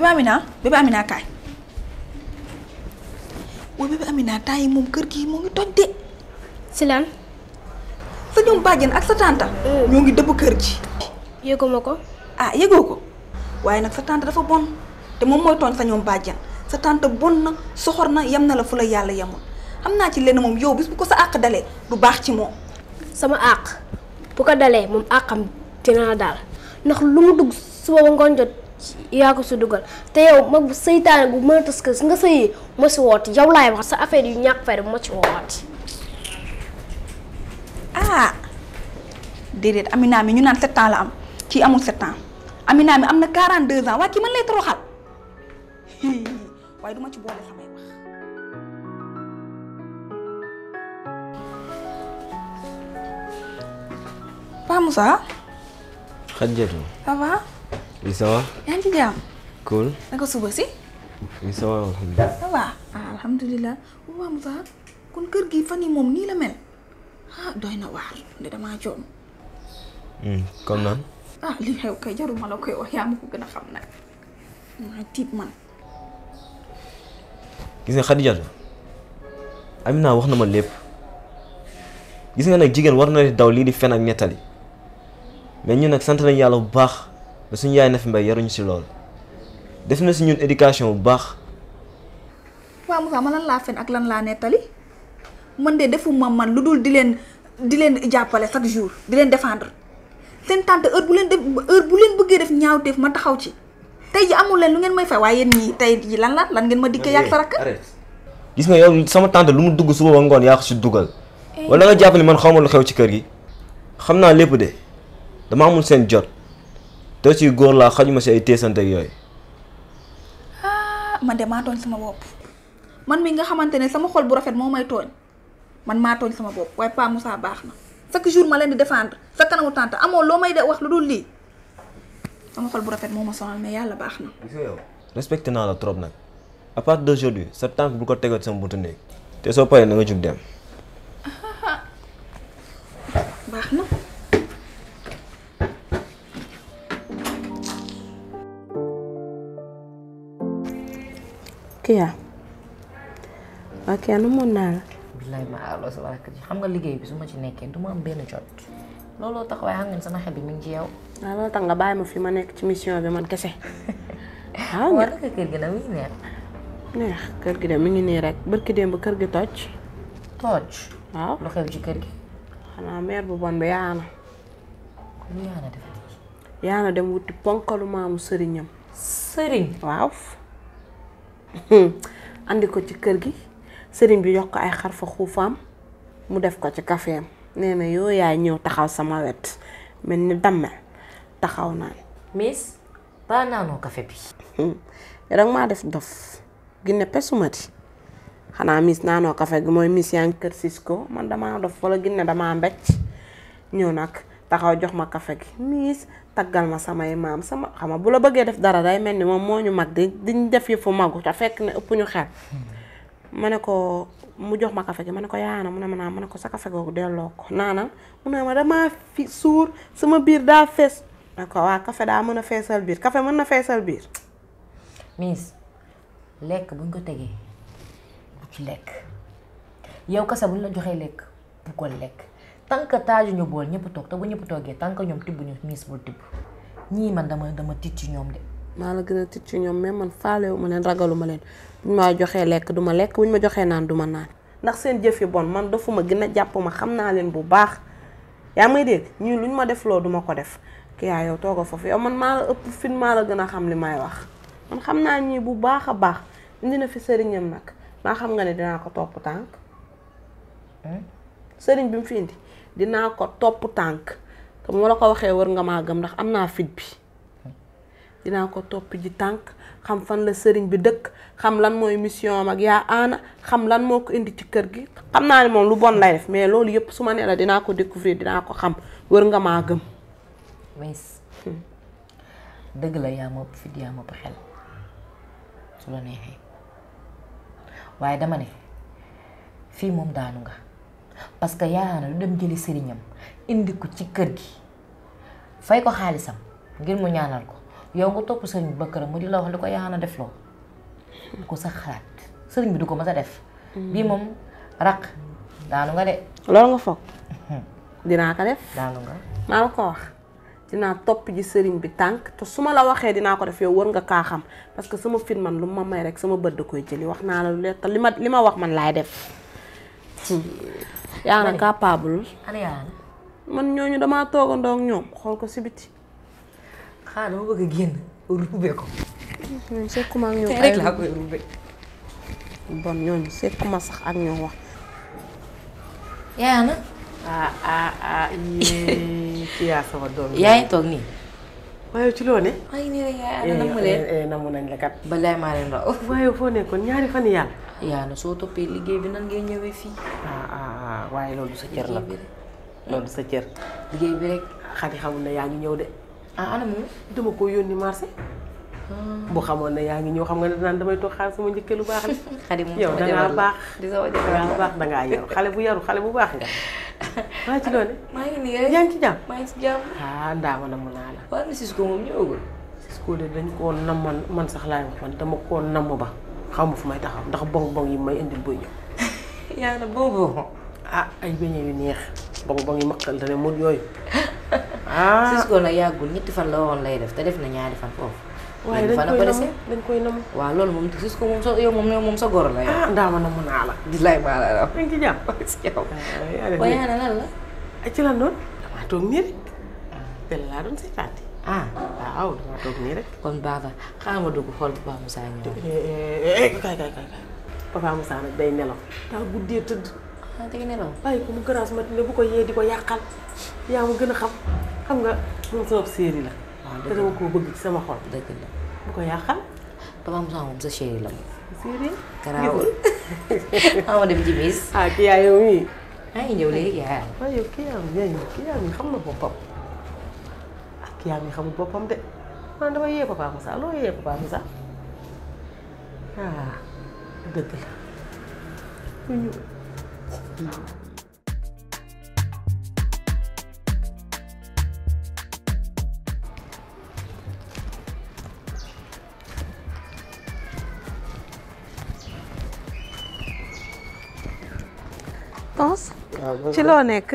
bébé Amina bébé Amina kaay waaye bébé Amina temps yi moom kër gi moo ngi toj de. si sa ñoom bàjjen ak sa tànta. Mm. ñoo ngi dëbb kër ji. yëguma ko. ah yëgoo ko waaye nag sa tànta dafa bon te moom mooy tooñ sa ñoom bàjjen sa tànta bon na soxor na yem na la fu la yàlla yemul xam naa ci lenn moom yow bis bu ko sa àq dalee du baax ci moom. sama àq bu ko dalee moom àqam dina la daal ndax lu mu dugg suba ba ngoon jot. yaa ko si dugal te yow mag bu seytaane bu mën a tas kër nga sëyi ma si woot yow laay wax sa affaire yu ñàkk fayda ma si woowaat. ah déedéet Amina mi ñu naan sept la am ci amul sept ans Amina mi am na quarante deux ans waaye kii mën lay toroxal waaye duma ma ci boole samay wax. Pa Moussa. Khadijatou ça va. oui ça va. yaa ngi suba si. oui ça va alhamdulilah. ça kon kër gi fan yi moom nii la mel ah na waar de damaa joom. comme naan. ah li xew kay jarul la koy wax yaa ma ko gën a xam nag maa tiit man. gis nga Xadijatu Amina wax na ma lépp gis nga nag jigéen war na di daw lii di fen ak nettali mais ñun nag sant nañu yàlla bu baax. ba suñu yaay na fi mbay yaruñu si lool def na si ñun éducation bu baax. waaw Moussa ma lan laa fen ak lan laa nettali man de defuma man lu dul di leen di leen jàppale chaque jour di leen défendre seen tante heure bu leen def heure bu leen bëggee def ñaawteef ma taxaw ci tey ji amul leen lu ngeen may fay waaye yéen ñii tey ji lan la lan ngeen ma dikkee yàgg sa rakk gis nga yow sama tante lu mu dugg suba ba ngoon yàqu ko si dugal. wala nga jàpp ne man xaw ma lu xew ci kër gi. xam naa lépp de dama amul seen jot. te ci gor la xajuma ci ay teesante ak yooyu. man de ma togn sama bop man mi nga xamante sama xol bu rafet moo may man ma togn sama bop way Pa Moussa baxna na chaque jour ma leen di défendre sa kanamu tante amo loo may de wax lu dul sama xol bu rafet moo ma sonal mais yàlla baax na. respecté naa la trop nak à part d'aujourd'hui sa tànk bu ko tegal sama buntu nek te so paree ya na nga juk dem. Kya ok nu mun naa la. ma àlloo sa baraka ji xam nga liggéey bi su ma ci nekkee du ma am benn jot lolo tax waaye xam sama xel bi mi ngi ci yow. waaw tax nga bàyyi ma fi ma nek ci mission bi man kese. waaw war nga kër gi nag mi ngi neex. neex kër gi de mi ngi nii rek barki démb kër gi toj. toj. waaw lu xew ci kër gi. xanaa mer bu bon bi yaana. lu yaana def. yaana dem wuti ponkalu maamu sëriñam. sëriñ waaw. Hmm. andi ko ci kër gi sëriñ bi jox ko ay xarfa xuufaam mu def ko ci kafeem nee na yoo yaay ñëw taxaw sama wet mel ni dammel taxaw naan miss ba naanoo kafe bi hmm. danga maa def dof ginne pesumati xanaa miss naanoo kafe gi mooy miss yaa ngi kër Cisco man damaa dof wala ginne damaa mbecc ñëw nag taxaw jox ma kafe gi miss taggal ma samay maam sama xam nga bu la bëggee def dara day mel ni moom moo ñu mag di diñ def yëfu magu te fekk ne ëpp ñu xel hmm. ma ne ko mu jox ma kafe ma ne ko yaana mu ne ma naa ma ne ko sa kafe googu delloo ko naana mu ne ma damaa fi suur sama biir daa fees ma ne ko waa kafe daa mën a feesal biir kafe mën na feesal biir miis lekk buñ ko tegee bu ci lekk yow kasa buñ la joxee lekk bu ko lekk tant que taajuñu bool ñëpp toog te bu ñëpp toogee tant que ñoom tibb ñu miis bul tibb man dama dama tiit ci ñoom de. la gën a tiit ñoom mais man faalewu ma leen ragalu leen buñ joxee lekk du lekk buñ ma joxee naan du ma naan ndax seen jëf bon man dafa gën a jàpp ma xam naa leen bu baax yaa may dégg ñii luñ ma def loo ko def kii yaa yow tooga foofu yow man maa ëpp fin la gën a xam li may wax xam naa ñii bu baax a baax indi na fi sëriñam nag maa xam nga ne dinaa ko topp tànk hmm? sëriñ bi mu fi indi dinaa ko topp tànk te moo la ko waxee war nga maa gëm ndax am naa fit bi dinaa ko topp ji tànk xam fan la sëriñ bi dëkk xam lan mooy mission mag ak yaa aana xam lan moo ko indi ci kër gi xam naa ne moom lu bon lay def mais loolu yëpp su ma dinaa ko découvrir dinaa ko xam war nga maa gëm wees hmm. dëgg la yaa ma fit yaa ma ëpp xel su la neexee waaye dama ne fii moom daanu nga parce que yaayaana lu dem jëli sëriñam indi ko ci kër gi fay ko xaalisam ngir mu ñaanal ko yow nga topp sëriñ bi ba këram mu di la wax li ko yaayaana def loo ko sa sëriñ bi du ko mës a def mm. bii moom raq daanu nga loolu nga foog mhm. dinaa ko def daanu nga maa la ko wax dinaa topp ji sëriñ bi tànk te su ma la waxee dinaa ko def yow war nga kaa xam parce que sama fit man lu ma may rek sama bët da koy jëli wax naa la lu leer li ma li ma wax man laay def hmm. yaana capable. ana yaana. man ñooñu damaa toogandoo ak ñoom xool ko si biti. xanaa dama bëgg a génn ruube ko. ñoom sekkuma ak sax ak ñoom wax. yaana. ah ah ci ah, yaa sama toog nii. waaye ci ne. waaye nii rek yaay eh, eh, nañ la kat. balaay maa leen raw. waaye foo nekkoon ñaari fan yàlla. yaa soo toppee liggéey bi nan ngay ñëwee fii. ah ah waaye loolu sa cër la loolu sa cër. liggéey bi rek xadi xamul na yaa ngi ñëw de. ah ana moom dama ko yónni marché. bu xamoon ne yaa ngi ñëw xam nga naan damay toog xaar sama njëkk lu baax la. xadi moom yow dangaa baax. di sama jëkkër dangaa baax da dangaa yaru xale bu yaru xale bu baax nga. maa ci doone. maa ngi nii rek yaa ngi ci jàmm. maa ngi ci jàmm. ah ndaama na mu naa la. waaw Cisco moom ñëwagul. Cisco de dañ koo nam man man sax laay wax man dama koo nam ba xaw ma fu may taxaw ndax bong bong yi may indi buy ñëw. yaa na boobu. ah ay beñe yu neex. bong bong yi maqal dana mën yooyu. ah Cisco nag yàggul ñetti fan la woon lay def te def na ñaari fan foofu. waaye dañ koy nam dañ koy nam waaw loolu moom ko moom sa yow moom sa goro la yow. ah ndaama namu naa la. di lay baala la waaw. dañ ci jàpp si yow. Ah, waaye yaa na lan la. ci lan doon. damaa toog nii rek. te laa doon seetaati. Ah, ah, ah waaw dama toog nii rek. kon baax na xaaral ma dugg xool Papa Moussa ñëw. Eh, eh, eh, kay kay kay Papa Moussa nag day nelaw. daa guddee tëdd. ah day nelaw. bàyyi ko mu grâce matinée bu ko yee di ko yàqal yaa ma gën a xam xam nga moom sama séeri la. waaw ah, dëgg la te dama koo bëgg ci sama xol. dëgg la bu ko yàqal. Papa Moussa moom sa chéri la moom. séeri. garaawul xaaral ma dem ci bis. ah kii yaa yow mii. maa ngi ñëw léegi yaa. waaw yow kii yaa ngi xam na boppam. kii yaa ngi xamul boppam de man dama yee papa Moussa loo yee papa Moussa ah dëgg la lu ñuul. Ah, tos. ci loo nekk.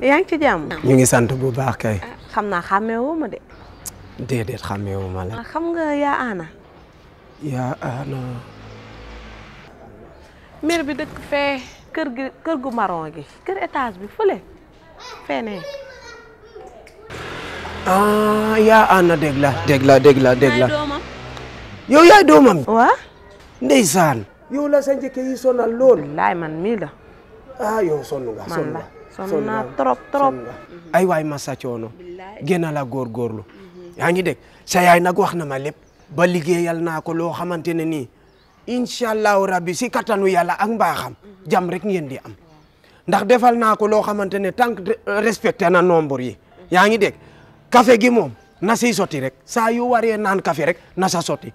yaa ngi ngi sant bu baax kay. Ah. xam naa xàmmeewoo ma de. déedéet xàmmeewu ma la. xam nga yaa ana. yaa ana. mère bi dëkk fee kër gu marron gi kër étage bi fële fenee ah yaa ana dégg la dégg la yow yaay doomam waa ndeysaan yow la sa njëkke yi sonal lool laay man mii la yow sonn nga sonn nga sonn naa trop trop mhm. ay waay massa coono génna la góorgóorlu mhm. yaa ngi dégg sa yaay nag wax na ma lépp ba liggéeyal naa ko loo xamante ne nii incha allahu rabbi si kattanu yàlla ak mbaaxam mhm. jàmm rek ngeen di am ndax defal naa ko loo xamante ne tant que respecté na nombre yi yaa ngi dégg kafe gi moom na siy sotti rek saa yu waree naan café rek na sa sotti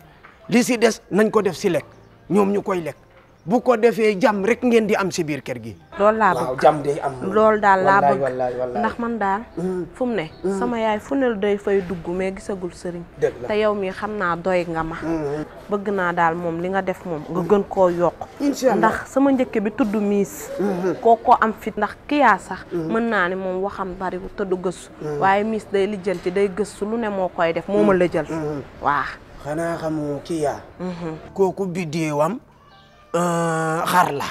li si des nañ ko def si lekk ñoom ñu koy lekk bu ko defé jam rek ngeen di am ci bir kër gi. loolu la bëgg jam day am. loolu da la bëgg ndax man da mm. fum ne. Mm. sama yaay fu ne day fay duggu me gisagul sëriñ. te yow mi xamna doy nga ma. Mm. bëgg na dal mom li nga def mom, nga gën ko yok ndax sama njëkk bi tuddu miis. Mm-hmm. koko am fit ndax kiya sax. mën na ni mom waxam bari te du gëstu. waye miis day ci day gëstu lu ne mo koy def moma ma lëjal. Mm-hmm. waa xanaa xamu kiya mm-hmm. koku biddeewam. Euh, xar la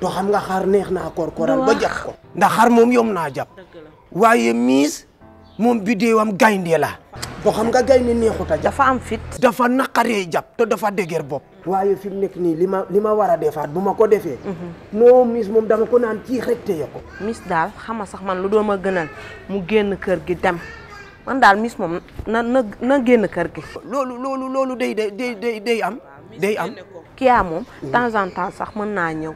to xam nga xar neex naa korkoral ba jax ko ndax xar moom yom na jàpp waaye miis moom bideewam gaynde la to xam nga gaynde neexut a jàpp dafa am fit dafa naqaree jàpp te dafa dëgër bopp waaye fi mu nekk nii li ma li ma war a defaat bu ma ko defee mhm. non miis moom dama ko naan ciix rek téye ko miis daal xama sax man lu doon ma gënal mu génn kër gi dem man daal miis moom na na kër gi loolu loolu loolu day day day am day am kiyaa moom mm. temps en temps sax mën naa ñëw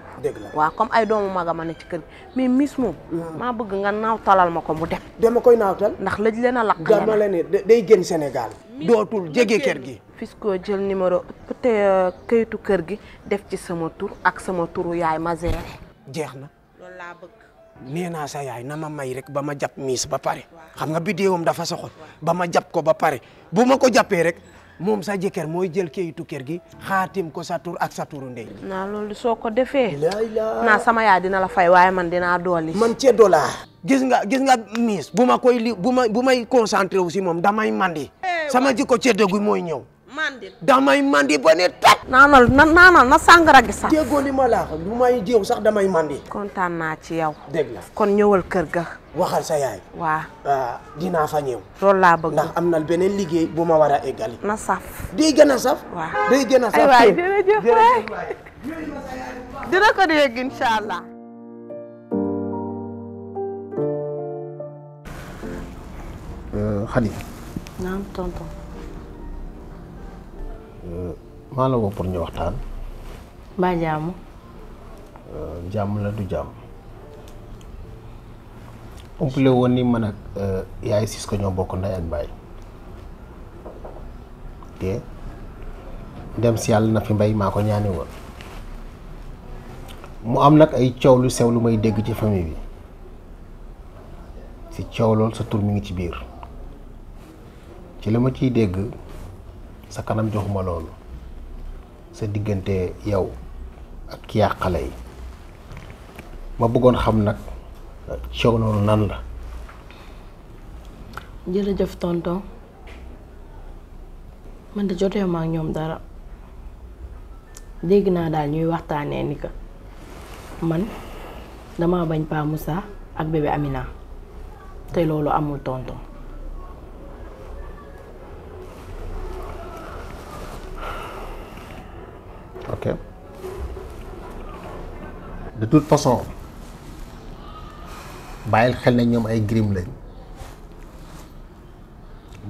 waa comme ay doomu maga ma ne ci kër gi mais miss moom mm. maa bëgg nga naaw talal ma ko mu dem dama koy naawtal ndax lëj leen a lakk la ne day génn Sénégal dootul jege kër gi Fisco jël numéro te être euh, kër gi def ci sama tur ak sama turu yaay ma géré jeex na loolu laa bëgg nee sa yaay na ma may rek ba ma jàpp miis ba pare xam nga bidéewam dafa soxol ba ma jàpp ko ba pare bu ma ko jàppee rek moom sa jëkkër mooy jël kayitu kër gi xaatim ko sa tur ak sa turu naa loolu soo ko defee. naa sama yaa la fay waaye man dinaa dooli. man cee dola. gis nga gis nga miis bu ma koy li bu ma bu may concentré wu si moom damay mandi. Eh, sama jikko ceddo gi mooy ñëw. mandi damay mandi ba ne toj naanal na naanal na sàngara gi sax jéegoo li ma laax bu may sax damay mandi kontaan naa ci yow kon ñëwal kër ga waxal sa yaay waa ah, dinaa fa ñëw loolu laa bëgg ndax am na beneen liggéey bu ma war a eggali na saf day gën a saf waaw gën a saf dina ko dégg incha allah euh, Euh, maa la ñu waxtaan. mbaa jàmm. Euh, jàmm la du jàmm. umpule woon ni man ak euh, yaay Cisco ñoo bokk ndey ak baay te dem si yàlla na fi mbay maa ko ñaani woon mu am nag ay coow lu sew lu may dégg ci famille bi si coow loolu sa tur mi ngi ci biir ci la ma ciy dégg. sa kanam joxuma loolu sa diggante yow ak yàqale yi ma bëggoon xam nag coow noonu nan la jërëjëf tonton mën de jotee ñoom dara dégg naa daal ñuy waxtaanee ni que man dama bañ Pa ak bébé Amina te loolu amul tonton de toute façon bàyyil xel na ñoom ay grim lañ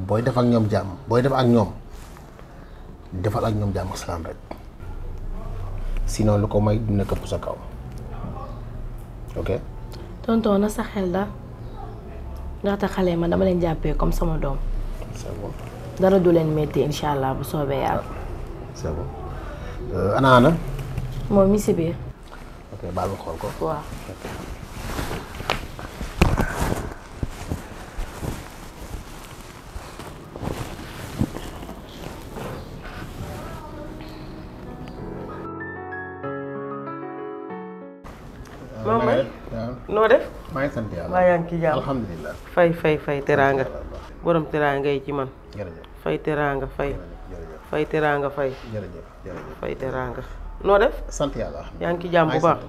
booy def ak ñoom jàmm booy def ak ñoom defal ak ñoom jàmm ak salaam rek sinon lu ko may dina këpp sa kaw ok. tonton na sa xel da ndaxte xale ma dama leen jàppee comme sama doom. dara du leen métti incha allah bu soobee yàlla. c'est euh, moom mi ok baal ma def. maa ngi sant yàlla maa fay fay fay teraanga. borom teraanga yi ci man. fay teraanga fay. fay teraanga fay. fay teraanga. noo def sant yàlla yaa ngi ci jàmm bu baax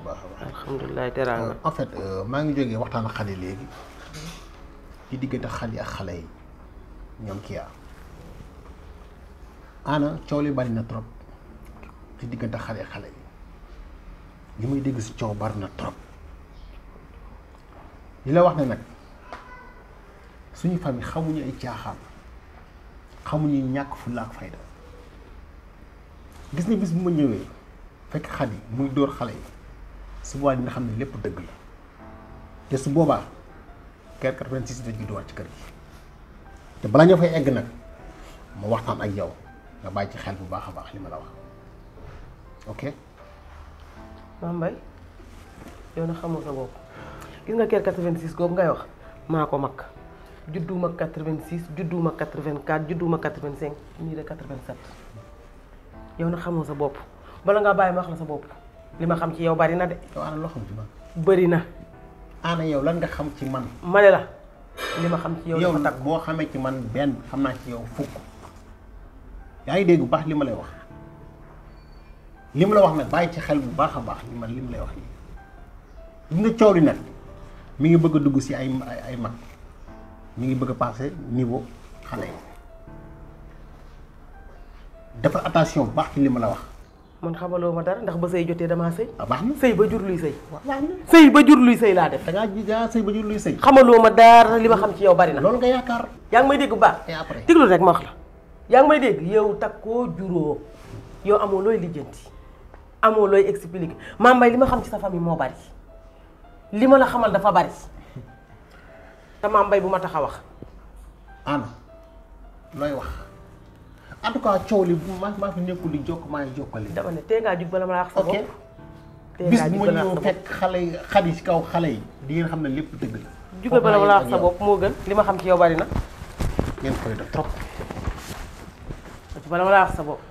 alhamdulilah teraanga euh, en fait euh, maa ngi jógee ana coow li bari na trop ci diggante xale yi ak xale yi li muy dégg si coow bari na trop li la wax ne nag suñu famille xamuñu ay caaxaan xamuñu ñàkk fu la fayda gis ni bis bu ma ñëwee fekk xadi muy door xale yi su boobaa dina xam ne lépp dëgg la te su boobaa kër 86 dañ koy dóor ci kër gi te balaa ñoo fay egg nag mu waxtaan ak yow nga bàyyi ci xel bu baax a baax li ma la wax ok. Mame Mbaye yow na xamoo sa bopp gis nga kër 86 googu ngay wax maa ko mag judduma 86 judduma 84 judduma 85 nii de 87 yow na xamoo sa bopp bala nga baye ma xam sa bop li ma xam ci yow bari na de. yow ana lo xam ci man. bari na. ana yow lan nga xam ci man. ma la li ma xam ci yow. yow tak bo xamee ci man ben xamna ci yow fuk yaay deg dégg bu li ma lay wax lim la wax nak baye ci xel bu baxa bax li man lay wax ni nga ciowri nak mi ngi bëgg dugg ci ay ay mag mi ngi bëgg passer niveau xalé dafa attention bax ci li la wax man xamaloo ma dara ndax ba sey jotté dama sey ah, baxna sey ba jur luy sey baax na ba jur luy sëy laa def. da nga ji sey ba jur luy sëy. xamaloo ma dara li ma xam ci yow bari na. lolou nga yaakaar. yang may deg ba baax. rek ma wax la. yang may deg yow takko juro yow amo loy lijjanti amo loy expliquer maa mbay li ma xam ci sa famille mo bari li ma la xamal dafa bari ta maa mbay bu ma taxaw wax. ana loy wax. en tout cas coow li maa maa fi nekkul di jokk maa ngi jokkale. dama ne tey ngaa jug bala ma laax sa bopp. ok bis bu ma ñëw fekk xale yi yi si kaw xale yi di ngeen xam ne lépp dëgg la. jugal bala ma laax sa bopp moo gën li ma xam ci yow bari na. ngeen koy def trop. bala ma laax sa bopp.